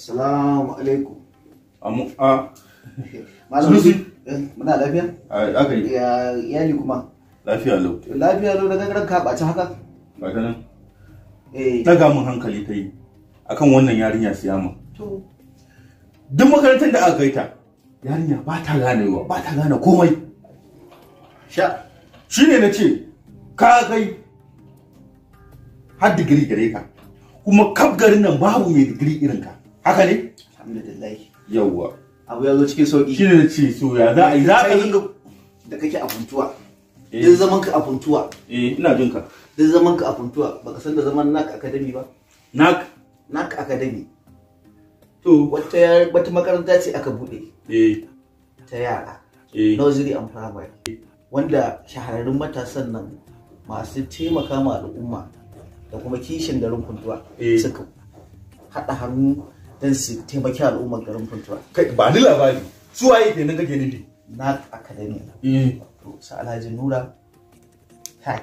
Assalamu alaikum. Amu a. Malam Sunusi. Eh, muna lafiya? A aka yi. Ya iyali kuma. Lafiya lau. Lafiya lau daga garan ka ba ɓaci haka? Ba ta nan. Eh. Daga mun hankali ta yi akan wannan yarinya siyama. To. Duk makarantar da aka kai ta yarinya ba ta ganewa ba ta gane komai. Sha. Shi ne na ce ka kai har digiri gare ka kuma kaf garin nan babu mai digiri irin ka. haka ne alhamdulillah yawwa abu ya zo cikin sauki shi ne ci suya. ya za a yi za ka dinga da kake a funtuwa eh. duk zaman ka a funtuwa eh ina jinka ka duk zaman ka a funtuwa baka san da zaman nak academy ba nak nak academy to wata wata makaranta ce aka bude eh ta yara eh nursery and primary wanda shahararrun matasan nan masu taimaka ma al'umma da kuma kishin garin kuntuwa eh. suka haɗa hannu don su taimaki al'ummar garin Funtuwa. Kai ba ni labari su waye kenan kake ne? Na academy. Eh. To sa Alhaji Nura. Kai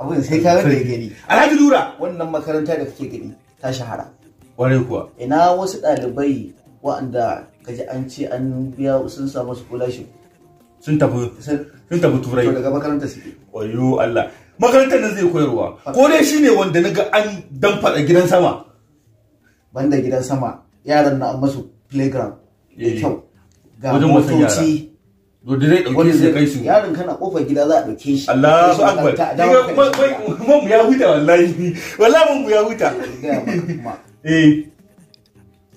abin sai ka da gani. Alhaji Nura wannan makaranta da kake gani ta shahara. Ware kuwa. Ina wasu ɗalibai waɗanda kaji an ce an biya sun samu scholarship. Sun tafi sun tafi turai. To daga makaranta suke. Wayo Allah. Makarantar nan zai koyarwa. Ko dai shine wanda naga an damfaɗa gidan sama. Banda gidan sama yaran na masu playground da eh, eh. kyau ga motoci wani zai kai su yaron kana kofar gida za a dauke shi Allahu akbar mun ya huta wallahi wallahi mun ya huta eh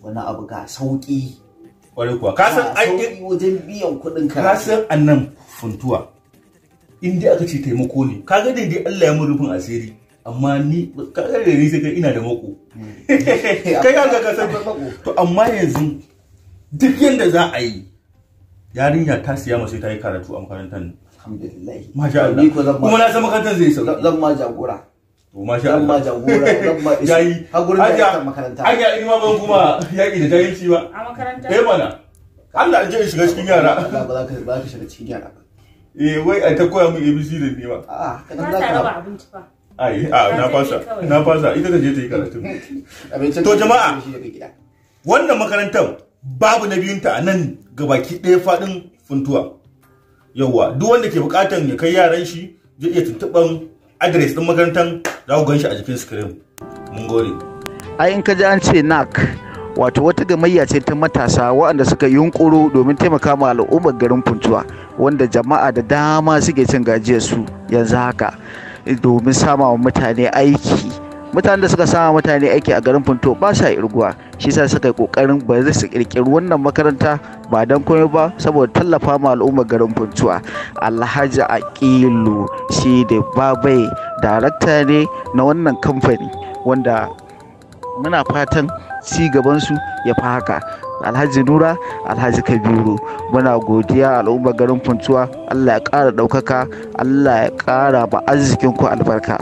wani abu ga sauki kwarai kuwa ka san an wajen biyan kuɗin ka ka san annan funtuwa in dai aka ce taimako ne kaga dai dai Allah ya mun rufin asiri amma ni kakar da ni sai kai ina da mako hmm. kai ka ka san mako to amma yanzu duk yanda za a yi yarinya ta siya masu ta yi karatu a makarantar alhamdulillah masha Allah kuma na san makarantar zai sauka zan ma jagora to masha Allah zan ma jagora zan ma yayi hakurin da makaranta ya yi ma ban kuma yaki da dai ci ba a makaranta eh mana Allah an je shiga cikin yara ba za ka ba ka shiga cikin yara eh wai a ta koya mu ABC da ni ba a'a kana da ba abinci ba ai a ah, na fasa na fasa ita ta je ta yi karatu to jama'a wannan makarantar babu na biyunta a nan gabaki ɗaya faɗin funtuwa yauwa duk wanda ke bukatan ya kai yaran shi zai iya tuntuɓan adres ɗin makarantar za ku gan shi a jikin screen mun gode A in ka ji an ce NAC, wato wata gamayya ce ta matasa waɗanda suka yunkuro domin taimaka ma al'ummar garin funtuwa wanda jama'a da dama suke cin gajiyar su yanzu haka domin sama wa mutane aiki mutane da suka sama mutane aiki a garin funto ba sa irguwa shi yasa suka yi kokarin ba zai su kirkiri wannan makaranta ba dan komai ba saboda tallafa ma al'ummar garin funtuwa alhaji aqilu shi da babai darakta ne na wannan kamfani wanda muna fatan ci su ya fi haka alhaji nura alhaji kabiru muna godiya al'ummar garin funtuwa allah ya ƙara ɗaukaka allah ya ƙara ba arzikin albarka